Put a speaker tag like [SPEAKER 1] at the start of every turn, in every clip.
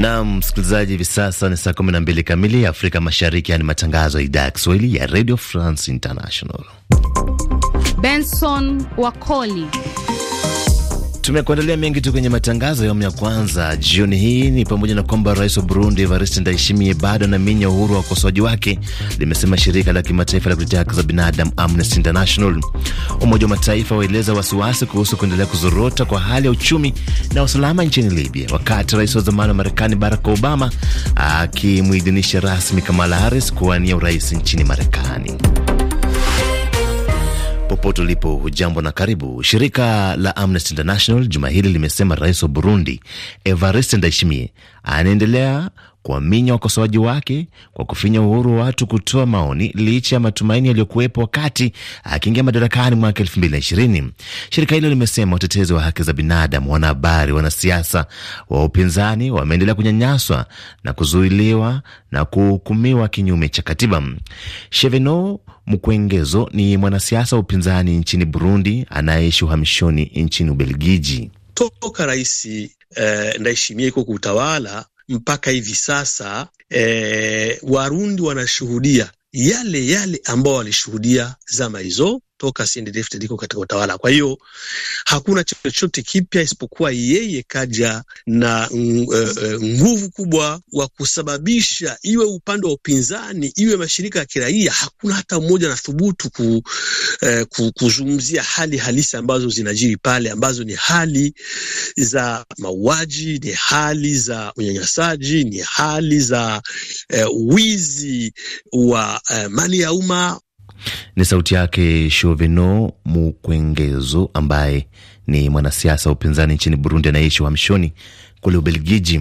[SPEAKER 1] Naam, msikilizaji, hivi sasa ni saa 12 kamili Afrika Mashariki, yani matangazo ya idhaa ya Kiswahili ya Radio France International. Benson Wakoli Tumekuandalia mengi tu kwenye matangazo ya awamu ya kwanza jioni hii, ni pamoja na kwamba rais wa Burundi Evariste Ndayishimiye bado anaminya uhuru wa ukosoaji wake, limesema shirika la kimataifa la kutetea haki za binadamu Amnesty International. Umoja wa Mataifa waeleza wasiwasi kuhusu kuendelea kuzorota kwa hali ya uchumi na usalama nchini Libya, wakati rais wa zamani wa Marekani Barack Obama akimwidhinisha rasmi Kamala Harris kuwania urais nchini Marekani popote ulipo, hujambo na karibu. Shirika la Amnesty International juma hili limesema rais wa Burundi Evariste Ndayishimiye anaendelea kuwaminya wakosoaji wake kwa kufinya uhuru wa watu kutoa maoni licha ya matumaini yaliyokuwepo wakati akiingia madarakani mwaka elfu mbili na ishirini. Shirika hilo limesema watetezi wa haki za binadamu, wanahabari, wanasiasa wa upinzani wameendelea kunyanyaswa na kuzuiliwa na kuhukumiwa kinyume cha katiba. Cheveno mkwengezo ni mwanasiasa wa upinzani nchini Burundi anayeishi uhamishoni nchini Ubelgiji. Toka Rais eh, Ndayishimiye iko kuutawala mpaka hivi sasa eh, Warundi wanashuhudia yale yale ambao walishuhudia zama hizo toka Sindi liko katika utawala. Kwa hiyo hakuna chochote kipya isipokuwa yeye kaja na eh, eh, nguvu kubwa wa kusababisha iwe upande wa upinzani iwe mashirika ya kiraia, hakuna hata mmoja anathubutu ku, eh, kuzungumzia hali halisi ambazo zinajiri pale, ambazo ni hali za mauaji, ni hali za unyanyasaji, ni hali za eh, wizi wa eh, mali ya umma ni sauti yake Shoveno Mukwengezo, ambaye ni mwanasiasa wa upinzani nchini Burundi anayeishi uhamishoni kule Ubelgiji.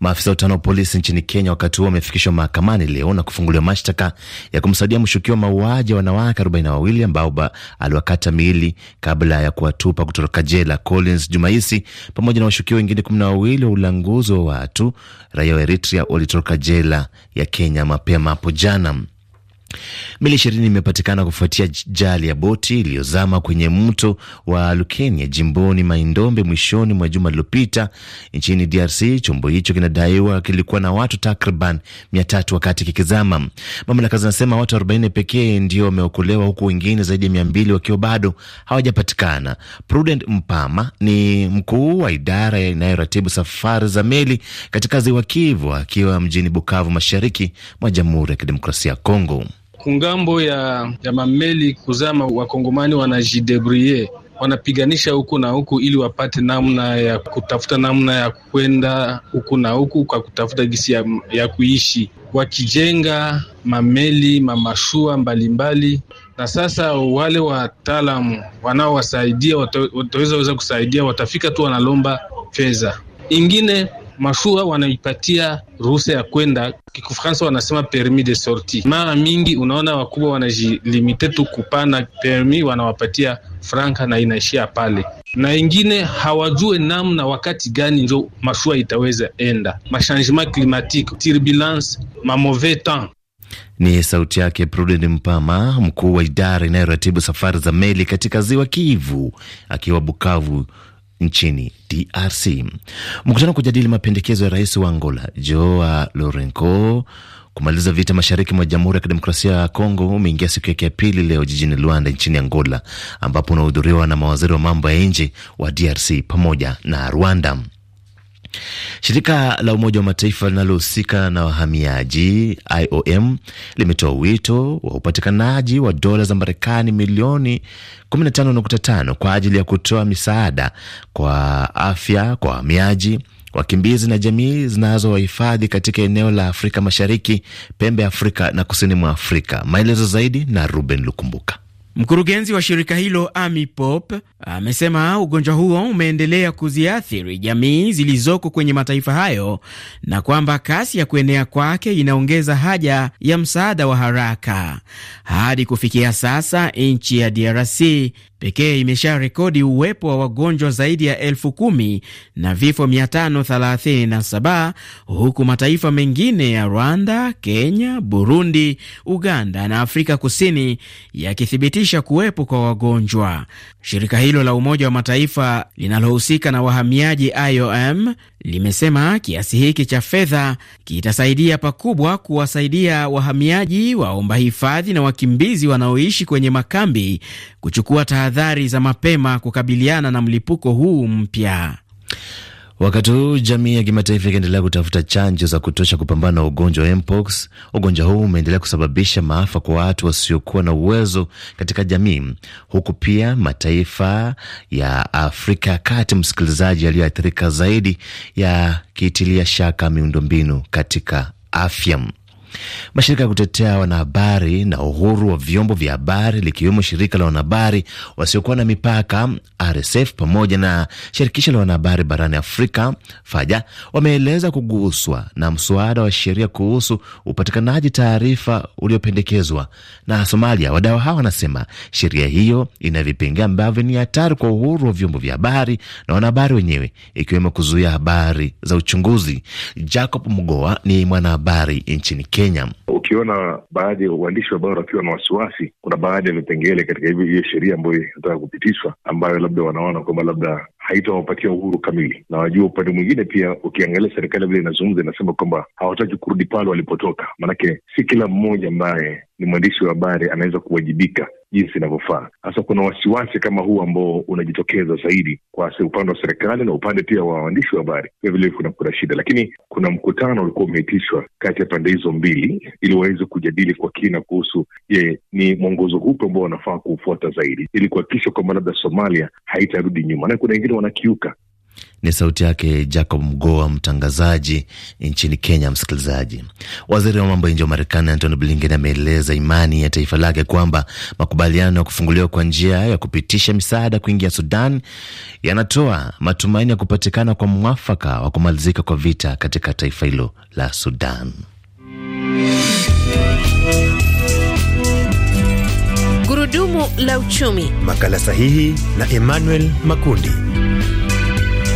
[SPEAKER 1] Maafisa watano wa polisi nchini Kenya wakati huo wamefikishwa mahakamani leo na kufunguliwa mashtaka ya kumsaidia mshukiwa mauaji ya wanawake arobaini na wawili ambao aliwakata miili kabla ya kuwatupa kutoroka jela, Collins Jumaisi pamoja na washukiwa wengine kumi na wawili wa ulanguzi wa watu raia wa Eritrea walitoroka jela ya Kenya mapema hapo jana. Mili ishirini imepatikana kufuatia jali ya boti iliyozama kwenye mto wa Lukenia jimboni Maindombe mwishoni mwa juma lililopita nchini DRC. Chombo hicho kinadaiwa kilikuwa na watu takriban mia tatu wakati kikizama. Mamlaka zinasema watu 40 pekee ndio wameokolewa huku wengine zaidi ya mia mbili wakiwa bado hawajapatikana. Prudent Mpama ni mkuu wa idara inayoratibu safari za meli katika ziwa Kivu, akiwa mjini Bukavu, mashariki mwa Jamhuri ya Kidemokrasia ya Kongo kungambo ya, ya mameli kuzama, wakongomani wanajidebrie wanapiganisha huku na huku ili wapate namna ya kutafuta namna ya kwenda huku na huku kwa kutafuta gisi ya, ya kuishi, wakijenga mameli mamashua mbalimbali. Na sasa wale wataalamu wanaowasaidia wataweza weza kusaidia, watafika tu wanalomba fedha ingine mashua wanaipatia ruhusa ya kwenda, kikufransa wanasema permis de sortie. Mara mingi unaona wakubwa wanajilimite tu kupana permis, wanawapatia franka na inaishia pale, na ingine hawajue namna wakati gani njo mashua itaweza enda. Machangement climatique, turbulence, mamauvais temps ni sauti yake Prudent Mpama, mkuu wa idara inayoratibu safari za meli katika ziwa Kivu, akiwa Bukavu nchini DRC. Mkutano wa kujadili mapendekezo ya rais wa Angola Joao Lourenco kumaliza vita mashariki mwa Jamhuri ya Kidemokrasia ya Kongo umeingia siku yake ya pili leo jijini Luanda nchini Angola, ambapo unahudhuriwa na mawaziri wa mambo ya nje wa DRC pamoja na Rwanda. Shirika la Umoja wa Mataifa linalohusika na wahamiaji IOM limetoa wito wa upatikanaji wa dola za Marekani milioni 15.5 kwa ajili ya kutoa misaada kwa afya kwa wahamiaji wakimbizi na jamii zinazowahifadhi katika eneo la Afrika Mashariki, pembe ya Afrika na kusini mwa Afrika. Maelezo zaidi na Ruben Lukumbuka. Mkurugenzi wa shirika hilo ami pop amesema ugonjwa huo umeendelea kuziathiri jamii zilizoko kwenye mataifa hayo na kwamba kasi ya kuenea kwake inaongeza haja ya msaada wa haraka. Hadi kufikia sasa nchi ya DRC pekee imesha rekodi uwepo wa wagonjwa zaidi ya elfu kumi na vifo 537 huku mataifa mengine ya Rwanda, Kenya, Burundi, Uganda na Afrika Kusini yakithibitisha kuwepo kwa wagonjwa. Shirika hilo la Umoja wa Mataifa linalohusika na wahamiaji IOM limesema kiasi hiki cha fedha kitasaidia pakubwa kuwasaidia wahamiaji, waomba hifadhi na wakimbizi wanaoishi kwenye makambi kuchukua tahadhari za mapema kukabiliana na mlipuko huu mpya. Wakati huu jamii ya kimataifa ikiendelea kutafuta chanjo za kutosha kupambana na ugonjwa wa mpox. Ugonjwa huu umeendelea kusababisha maafa kwa watu wasiokuwa na uwezo katika jamii, huku pia mataifa ya Afrika ya Kati, msikilizaji, yaliyoathirika zaidi yakitilia shaka miundombinu katika afya. Mashirika ya kutetea wanahabari na uhuru wa vyombo vya habari likiwemo shirika la wanahabari wasiokuwa na mipaka RSF pamoja na shirikisho la wanahabari barani Afrika Faja wameeleza kuguswa na mswada wa sheria kuhusu upatikanaji taarifa uliopendekezwa na Somalia. Wadau hawa wanasema sheria hiyo ina vipengee ambavyo ni hatari kwa uhuru wa vyombo vya habari na wanahabari wenyewe, ikiwemo kuzuia habari za uchunguzi. Jacob Mgoa ni mwanahabari nchini Kenya. Kenya. Ukiona baadhi ya uandishi wa habari wakiwa na wasiwasi, kuna baadhi ya vipengele katika hiyo sheria ambayo inataka kupitishwa, ambayo labda wanaona kwamba labda haitawapatia uhuru kamili, na wajua, upande mwingine pia ukiangalia serikali vile inazungumza, inasema kwamba hawataki kurudi pale walipotoka, maanake si kila mmoja ambaye ni mwandishi wa habari anaweza kuwajibika jinsi inavyofaa. Sasa kuna wasiwasi kama huu ambao unajitokeza zaidi kwa upande wa serikali na upande pia wa waandishi wa habari, vilevile kuna kuna shida, lakini kuna mkutano ulikuwa umeitishwa kati ya pande hizo mbili ili waweze kujadili kwa kina kuhusu je, ni mwongozo upi ambao wanafaa kuufuata zaidi ili kuhakikisha kwamba labda Somalia haitarudi nyuma, na kuna wengine wanakiuka ni sauti yake Jacob Mgoa, mtangazaji nchini Kenya. Msikilizaji, waziri wa mambo ya nje wa Marekani Antony Blinken ameeleza imani ya taifa lake kwamba makubaliano ya kufunguliwa kwa njia ya kupitisha misaada kuingia Sudan yanatoa matumaini ya kupatikana kwa mwafaka wa kumalizika kwa vita katika taifa hilo la Sudan. Gurudumu la uchumi, makala sahihi na Emmanuel Makundi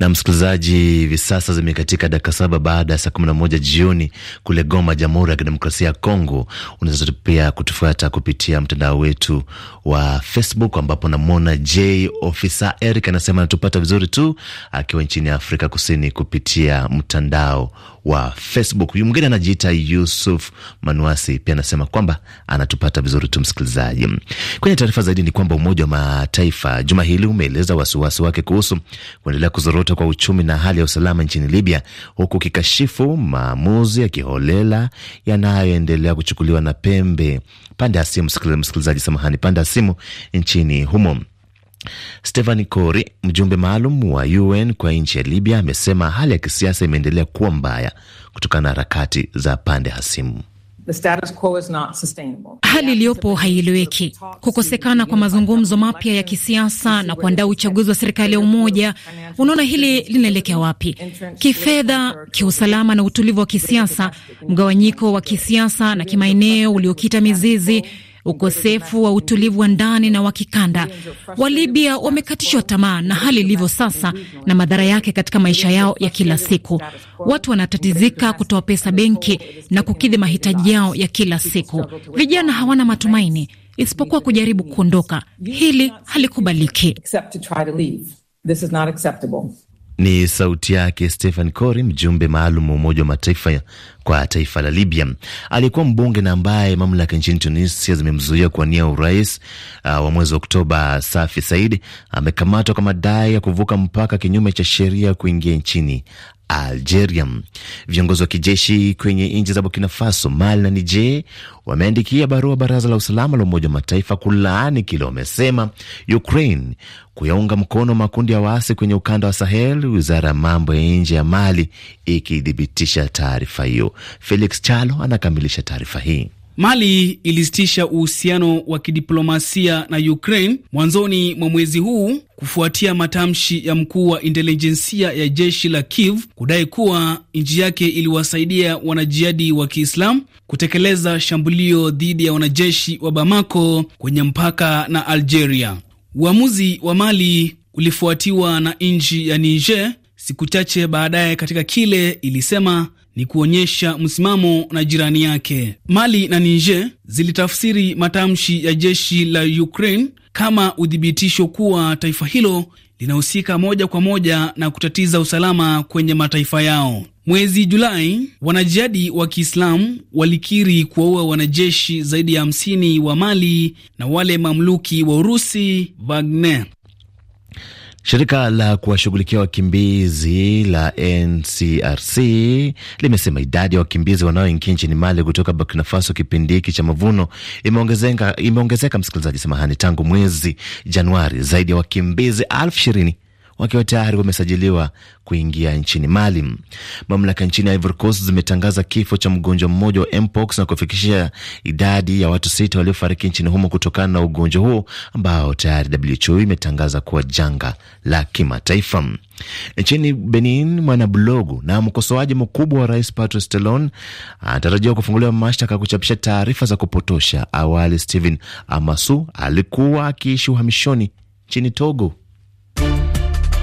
[SPEAKER 1] Na msikilizaji, hivi sasa zimekatika dakika saba baada ya saa kumi na moja jioni kule Goma, Jamhuri ya Kidemokrasia ya Kongo. Unaweza pia kutufuata kupitia mtandao wetu wa Facebook, ambapo namwona J ofisa Eric anasema anatupata vizuri tu akiwa nchini Afrika Kusini kupitia mtandao wa Facebook. Huyu mwingine anajiita Yusuf Manuasi, pia anasema kwamba anatupata vizuri tu msikilizaji. Kwenye taarifa zaidi ni kwamba Umoja wa Mataifa juma hili umeeleza wasiwasi wake kuhusu kuendelea kuzorota kwa uchumi na hali ya usalama nchini Libya, huku kikashifu maamuzi ya kiholela yanayoendelea kuchukuliwa na pembe pande ya simu msikilizaji, samahani, pande ya simu nchini humo. Stephanie Kori, mjumbe maalum wa UN kwa nchi ya Libya, amesema hali ya kisiasa imeendelea kuwa mbaya kutokana na harakati za pande hasimu. Hali iliyopo haieleweki. Kukosekana kwa mazungumzo mapya ya kisiasa na kuandaa uchaguzi wa serikali ya umoja, unaona hili linaelekea wapi? Kifedha, kiusalama na utulivu wa kisiasa, mgawanyiko wa kisiasa na kimaeneo uliokita mizizi ukosefu wa utulivu wa ndani na wa kikanda. Walibia wamekatishwa tamaa na hali ilivyo sasa na madhara yake katika maisha yao ya kila siku. Watu wanatatizika kutoa pesa benki na kukidhi mahitaji yao ya kila siku. Vijana hawana matumaini isipokuwa kujaribu kuondoka. Hili halikubaliki. Ni sauti yake Stephen cory mjumbe maalum wa Umoja wa Mataifa kwa taifa la Libya. aliyekuwa mbunge na ambaye mamlaka nchini Tunisia zimemzuia kuwania urais uh, wa mwezi Oktoba. Safi Said amekamatwa kwa madai ya kuvuka mpaka kinyume cha sheria kuingia nchini Algeria. Viongozi wa kijeshi kwenye nchi za Burkina Faso, Mali na Niger wameandikia barua Baraza la Usalama la Umoja wa Mataifa kulaani kile wamesema Ukraine kuyaunga mkono makundi ya waasi kwenye ukanda wa Sahel, wizara ya mambo ya nje ya Mali ikithibitisha taarifa hiyo. Felix Chalo anakamilisha taarifa hii. Mali ilisitisha uhusiano wa kidiplomasia na Ukraine mwanzoni mwa mwezi huu kufuatia matamshi ya mkuu wa intelijensia ya jeshi la Kiev kudai kuwa nchi yake iliwasaidia wanajihadi wa Kiislamu kutekeleza shambulio dhidi ya wanajeshi wa Bamako kwenye mpaka na Algeria. Uamuzi wa Mali ulifuatiwa na nchi ya Niger siku chache baadaye katika kile ilisema ni kuonyesha msimamo na jirani yake. Mali na Niger zilitafsiri matamshi ya jeshi la Ukraine kama uthibitisho kuwa taifa hilo linahusika moja kwa moja na kutatiza usalama kwenye mataifa yao. Mwezi Julai, wanajihadi wa Kiislamu walikiri kuwaua wanajeshi zaidi ya 50 wa Mali na wale mamluki wa Urusi Wagner. Shirika la kuwashughulikia wakimbizi la NCRC limesema idadi ya wakimbizi wanaoingia nchini Mali kutoka Burkina Faso kipindi hiki cha mavuno imeongezeka, imeongezeka msikilizaji, samahani, tangu mwezi Januari zaidi ya wakimbizi elfu ishirini wakiwa tayari wamesajiliwa kuingia nchini Mali. Mamlaka nchini Ivory Coast zimetangaza kifo cha mgonjwa mmoja wa mpox na kufikishia idadi ya watu sita waliofariki nchini humo kutokana na ugonjwa huo ambao tayari WHO imetangaza kuwa janga la kimataifa. Nchini Benin, mwanablogu na mkosoaji mkubwa wa rais Patrice Talon anatarajiwa kufunguliwa mashtaka ya kuchapisha taarifa za kupotosha. Awali Stephen Amasu alikuwa akiishi uhamishoni nchini Togo.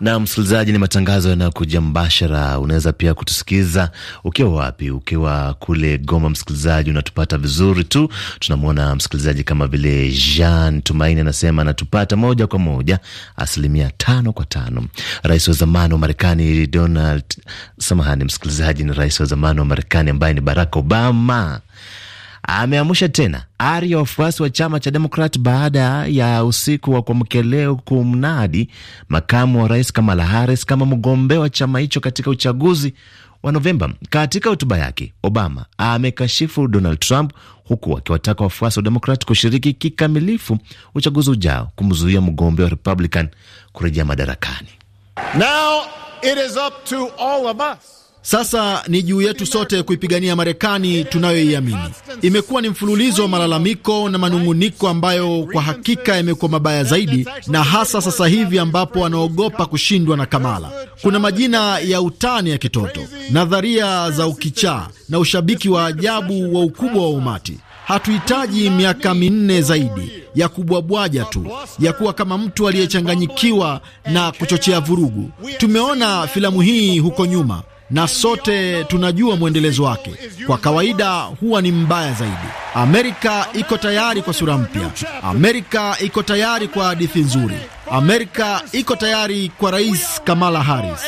[SPEAKER 1] Na msikilizaji, ni matangazo yanayokuja mbashara. Unaweza pia kutusikiza ukiwa wapi, ukiwa kule Goma. Msikilizaji, unatupata vizuri tu. Tunamwona msikilizaji kama vile Jean Tumaini anasema anatupata moja kwa moja, asilimia tano kwa tano. Rais wa zamani wa Marekani Donald, samahani msikilizaji, ni rais wa zamani wa Marekani ambaye ni Barack Obama ameamusha tena ari ya wafuasi wa chama cha Demokrat baada ya usiku wa kuamkia leo kumnadi makamu wa rais Kamala Harris kama mgombea wa chama hicho katika uchaguzi wa Novemba. Katika hotuba yake, Obama amekashifu Donald Trump huku akiwataka wafuasi wa Demokrat kushiriki kikamilifu uchaguzi ujao kumzuia mgombea wa Republican kurejea madarakani. Now it is up to all of us. Sasa ni juu yetu sote kuipigania Marekani tunayoiamini. Imekuwa ni mfululizo wa malalamiko na manung'uniko ambayo kwa hakika yamekuwa mabaya zaidi, na hasa sasa hivi ambapo wanaogopa kushindwa na Kamala. Kuna majina ya utani ya kitoto, nadharia za ukichaa na ushabiki wa ajabu wa ukubwa wa umati. Hatuhitaji miaka minne zaidi ya kubwabwaja tu ya kuwa kama mtu aliyechanganyikiwa na kuchochea vurugu. Tumeona filamu hii huko nyuma na sote tunajua mwendelezo wake kwa kawaida huwa ni mbaya zaidi. Amerika iko tayari kwa sura mpya. Amerika iko tayari kwa hadithi nzuri. Amerika iko tayari kwa Rais Kamala Harris.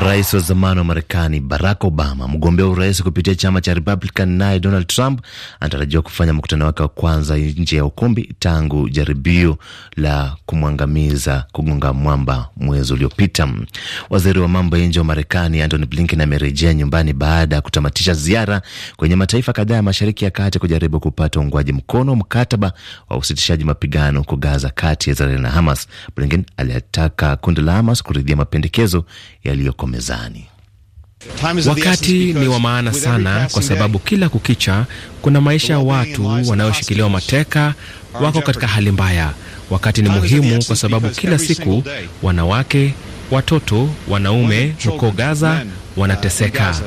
[SPEAKER 1] Rais wa zamani wa Marekani Barack Obama, mgombea wa urais kupitia chama cha Republican, naye Donald Trump anatarajiwa kufanya mkutano wake wa kwanza nje ya ukumbi tangu jaribio la kumwangamiza kugonga mwamba mwezi uliopita. Waziri wa mambo ya nje wa Marekani Antony Blinken amerejea nyumbani baada ya kutamatisha ziara kwenye mataifa kadhaa ya Mashariki ya Kati kujaribu kupata uungwaji mkono mkataba wa usitishaji mapigano huko Gaza kati ya Israel na Hamas. Blinken alitaka kundi la Hamas kuridhia mapendekezo yaliyo yako mezani. Wakati ni wa maana sana kwa sababu kila kukicha kuna maisha ya watu wanaoshikiliwa mateka, wako katika hali mbaya. Wakati ni muhimu kwa sababu kila siku wanawake, watoto, wanaume huko Gaza uh, wanateseka.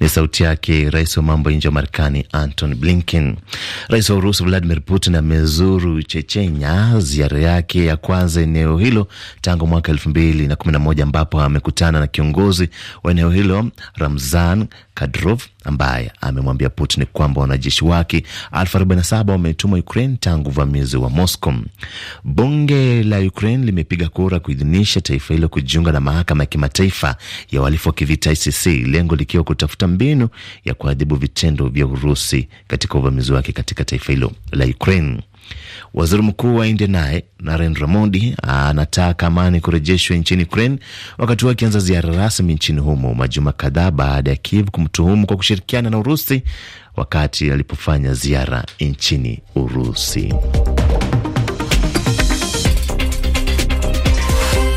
[SPEAKER 1] Ni sauti yake rais wa mambo ya nje wa Marekani Anton Blinken. Rais wa Urusi Vladimir Putin amezuru Chechenya, ziara yake ya kwanza eneo hilo tangu mwaka elfu mbili na kumi na moja ambapo amekutana na kiongozi wa eneo hilo Ramzan Kadrov ambaye amemwambia Putin kwamba wanajeshi wake 47 wametumwa wametuma Ukraine tangu uvamizi wa Moscow. Bunge la Ukraine limepiga kura kuidhinisha taifa hilo kujiunga na mahakama ya kimataifa ya uhalifu wa kivita ICC, lengo likiwa kutafuta mbinu ya kuadhibu vitendo vya Urusi katika uvamizi wake katika taifa hilo la Ukraine. Waziri mkuu wa India naye Narendra Modi anataka amani kurejeshwa nchini Ukraine, wakati huo akianza ziara rasmi nchini humo majuma kadhaa baada ya Kiev kumtuhumu kwa kushirikiana na Urusi wakati alipofanya ziara nchini Urusi.